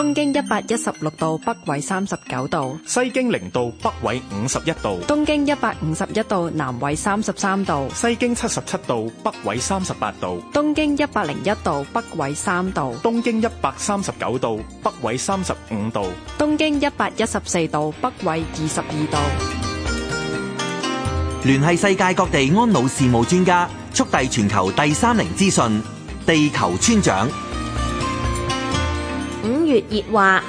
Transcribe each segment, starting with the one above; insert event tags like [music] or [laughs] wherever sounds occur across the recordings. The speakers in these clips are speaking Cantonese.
東經一百一十六度北緯三十九度，度西經零度北緯五十一度，度東經一百五十一度南緯三十三度，度西經七十七度北緯三十八度，度東經一百零一度北緯三度，度東經一百三十九度北緯三十五度，度東經一百一十四度北緯二十二度，聯繫世界各地安老事務專家，速遞全球第三齡資訊，地球村長。五月熱話，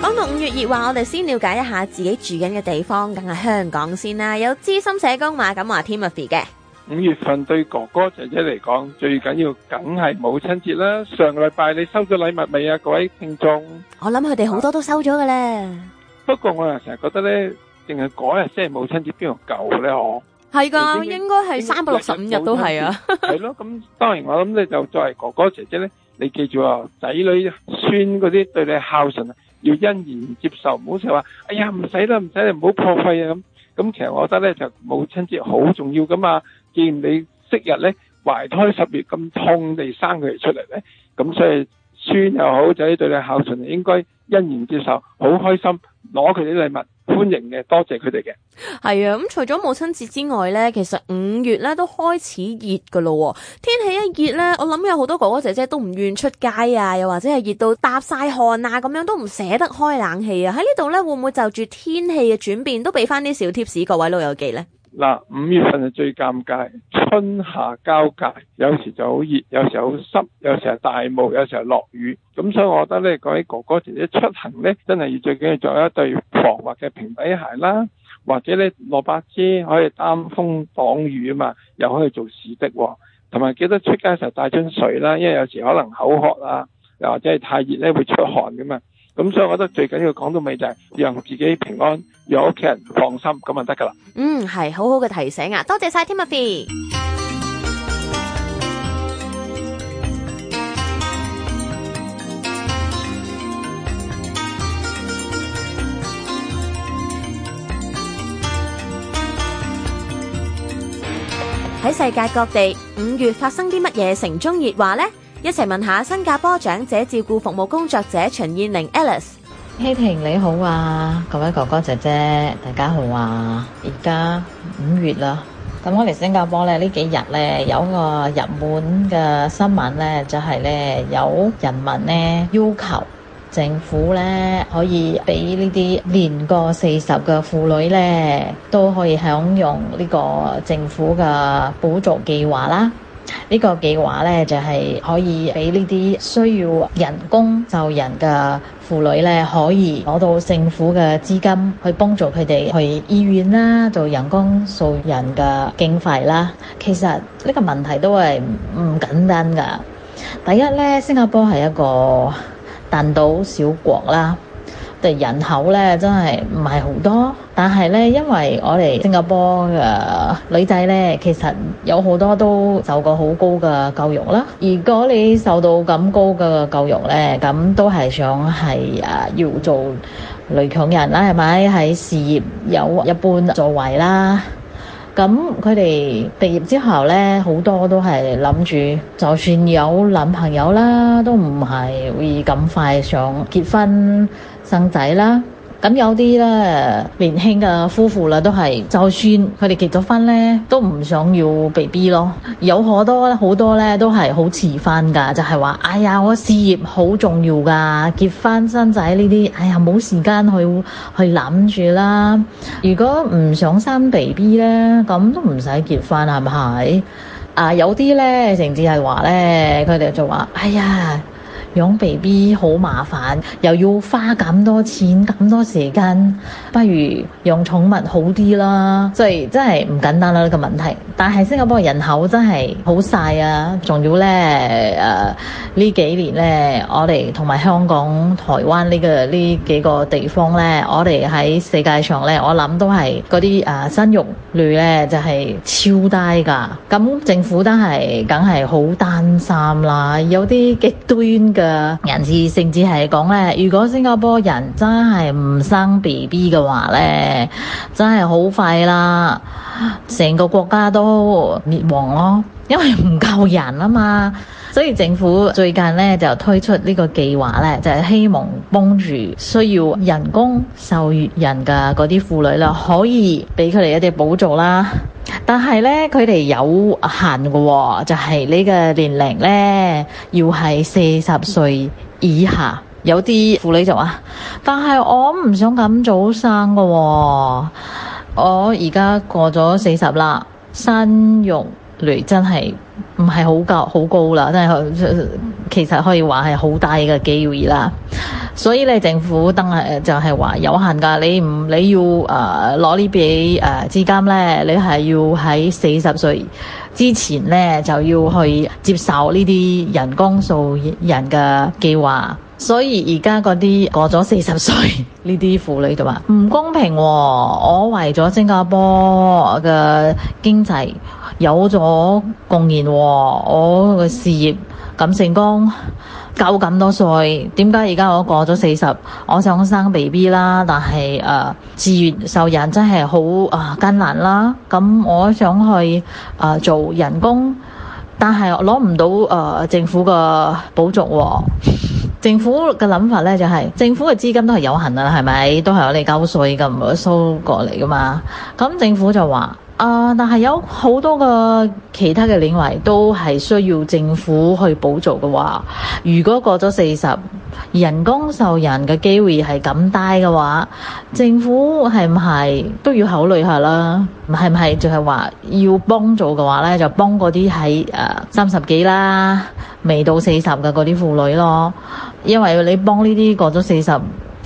講到五月熱話，我哋先了解一下自己住緊嘅地方，梗係香港先啦。有資深社工馬錦華 Timothy 嘅，五月份對哥哥姐姐嚟講，最緊要梗係母親節啦。上個禮拜你收咗禮物未啊？各位聽眾，我諗佢哋好多都收咗嘅咧。不過我又成日覺得咧，淨係嗰日先係母親節，邊度夠咧？嗬？係噶，應該係三百六十五日都係啊。係咯，咁當然我諗咧，就作為哥哥姐姐咧，你記住啊，仔女、孫嗰啲對你孝順啊，要欣然接受，唔好成日話，哎呀唔使啦，唔使啦，唔好破費啊咁。咁其實我覺得咧，就母親節好重要噶嘛。既然你昔日咧懷胎十月咁痛地生佢出嚟咧，咁所以。孫又好仔對你孝順，應該欣然接受，好開心攞佢啲禮物，歡迎嘅，多謝佢哋嘅。係啊，咁除咗母親節之外呢，其實五月呢都開始熱噶啦，天氣一熱呢，我諗有好多哥哥姐姐都唔願出街啊，又或者係熱到搭晒汗啊，咁樣都唔捨得開冷氣啊。喺呢度呢，會唔會就住天氣嘅轉變，都俾翻啲小貼士，各位老友記呢？嗱，五月份係最尷尬，春夏交界，有時就好熱，有時好濕，有時係大霧，有時係落雨，咁所以我覺得咧，各位哥哥姐姐出行咧，真係要最緊要著一對防滑嘅平底鞋啦，或者咧攞把遮可以擔風擋雨啊嘛，又可以做士的，啊，同埋記得出街時候帶樽水啦，因為有時可能口渴啊，又或者係太熱咧會出汗噶嘛。咁所以我覺得最緊要講到尾就係讓自己平安，讓屋企人放心咁就得噶啦。嗯，係好好嘅提醒啊！多謝晒 Timothy。喺世界各地，五月發生啲乜嘢城中熱話咧？一齊問下新加坡長者照顧服務工作者陳燕玲 Alice，希婷、hey, 你好啊，各位哥哥姐姐大家好啊！而家五月啦，咁我嚟新加坡咧呢幾日咧有一個熱門嘅新聞咧，就係咧有人民咧要求政府咧可以俾呢啲年過四十嘅婦女咧都可以享用呢個政府嘅補助計劃啦。呢個計劃呢，就係、是、可以俾呢啲需要人工受孕嘅婦女呢，可以攞到政府嘅資金去幫助佢哋去醫院啦，做人工受孕嘅經費啦。其實呢個問題都係唔簡單㗎。第一呢，新加坡係一個彈丸小國啦。嘅人口咧真係唔係好多。但係咧因為我哋新加坡嘅女仔咧其實有好多都受過好高嘅教育啦生仔啦，咁有啲咧年輕嘅夫婦啦，都係就算佢哋結咗婚咧，都唔想要 BB 咯。有好多好多咧，都係好遲婚噶，就係話：哎呀，我事業好重要噶，結婚生仔呢啲，哎呀冇時間去去諗住啦。如果唔想生 BB 咧，咁都唔使結婚係咪係？啊，有啲咧，甚至係話咧，佢哋就話：哎呀！養 BB 好麻煩，又要花咁多錢咁多時間，不如養寵物好啲啦。即係真係唔簡單啦呢、呢個問題，但係新加坡人口真係好細啊！仲要咧誒呢、呃、幾年咧，我哋同埋香港、台灣呢、呢個呢、呢個、幾個地方咧，我哋喺世界上咧，我諗都係啲誒生育率咧就係、是、超低㗎。咁政府都係梗係好擔心啦，有啲極端嘅。人士甚至係講咧，如果新加坡人真係唔生 BB 嘅話咧，真係好快啦，成個國家都滅亡咯，因為唔夠人啊嘛。所以政府最近呢，就推出呢個計劃呢，就係、是，希望幫助需要人工受孕人嘅嗰啲婦女啦，可以俾佢哋一啲補助啦。但係咧，佢哋有限嘅，哦，就係、是，呢個年齡咧要係四十歲以下。有啲婦女就話，但係我唔想咁早生嘅，哦，我而家過咗四十啦，生育。真係唔係好高好高啦，真係其實可以話係好低嘅機會啦。所以咧，政府等係就係話有限㗎。你唔你要誒攞呢筆誒、呃、資金呢，你係要喺四十歲之前呢，就要去接受呢啲人工數人嘅計劃。所以而家嗰啲過咗四十歲呢啲婦女就話唔公平喎、哦。我為咗新加坡嘅經濟，有咗貢獻、哦，我嘅事業咁成功，交咁多稅，點解而家我過咗四十，我想生 BB 啦，但係誒自然受孕真係好啊艱難啦，咁我想去誒、呃、做人工，但係攞唔到誒政府嘅補助喎。政府嘅諗、哦、 [laughs] 法呢，就係、是，政府嘅資金都係有限啊，係咪？都係我哋交稅嘅，唔會收過嚟噶嘛。咁政府就話。啊、呃！但係有好多個其他嘅領域都係需要政府去補助嘅話，如果過咗四十，人工受人嘅機會係咁低嘅話，政府係唔係都要考慮下啦？係唔係就係話要幫助嘅話呢？就幫嗰啲喺誒三十幾啦，未到四十嘅嗰啲婦女咯。因為你幫呢啲過咗四十。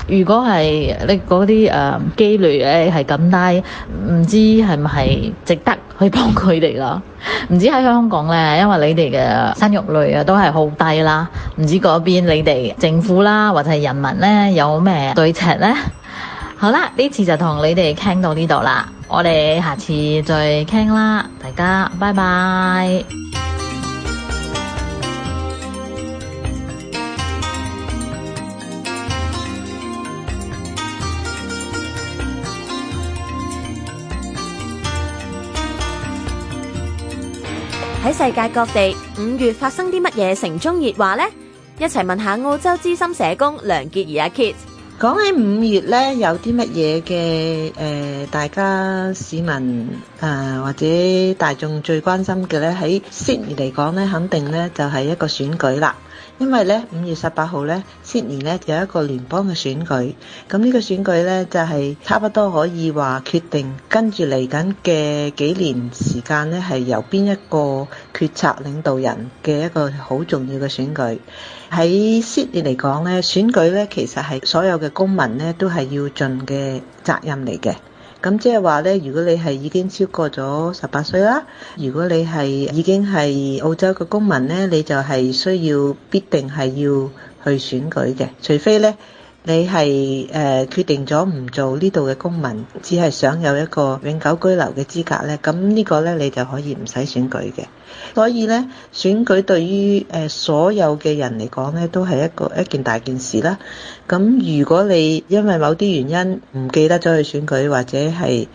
如果係你嗰啲誒機率誒係咁低，唔知係唔係值得去幫佢哋囉？唔 [laughs] 知喺香港咧，因為你哋嘅生育率啊都係好低啦，唔知嗰邊你哋政府啦或者係人民咧有咩對策呢？呢 [laughs] 好啦，呢次就同你哋傾到呢度啦，我哋下次再傾啦，大家拜拜。喺世界各地，五月發生啲乜嘢城中熱話咧？一齊問下澳洲資深社工梁潔儀阿 Kit。講起五月咧，有啲乜嘢嘅，誒，大家市民誒或者大眾最關心嘅咧，喺悉尼嚟講咧，肯定咧就係一個選舉啦。因為咧，五月十八號咧，悉尼咧有一個聯邦嘅選舉，咁、這、呢個選舉咧就係差不多可以話決定跟住嚟緊嘅幾年時間咧，係由邊一個決策領導人嘅一個好重要嘅選舉。喺悉尼嚟講咧，選舉咧其實係所有嘅公民咧都係要盡嘅責任嚟嘅。咁即係話咧，如果你係已經超過咗十八歲啦，如果你係已經係澳洲嘅公民咧，你就係需要必定係要去選舉嘅，除非咧。你係誒、呃、決定咗唔做呢度嘅公民，只係想有一個永久居留嘅資格咧，咁呢個咧你就可以唔使選舉嘅。所以咧，選舉對於誒、呃、所有嘅人嚟講咧都係一個一件大件事啦。咁如果你因為某啲原因唔記得咗去選舉，或者係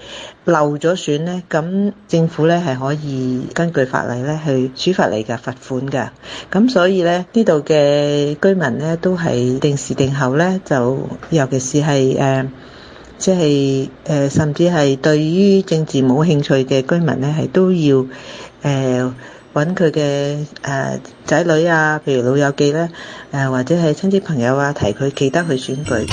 漏咗選呢，咁政府呢係可以根據法例呢去處罰你嘅罰款㗎。咁所以呢，呢度嘅居民呢都係定時定候呢，就尤其是係誒、呃，即係誒、呃，甚至係對於政治冇興趣嘅居民呢，係都要誒揾佢嘅誒仔女啊，譬如老友記呢，誒、呃、或者係親戚朋友啊，提佢記得去選舉。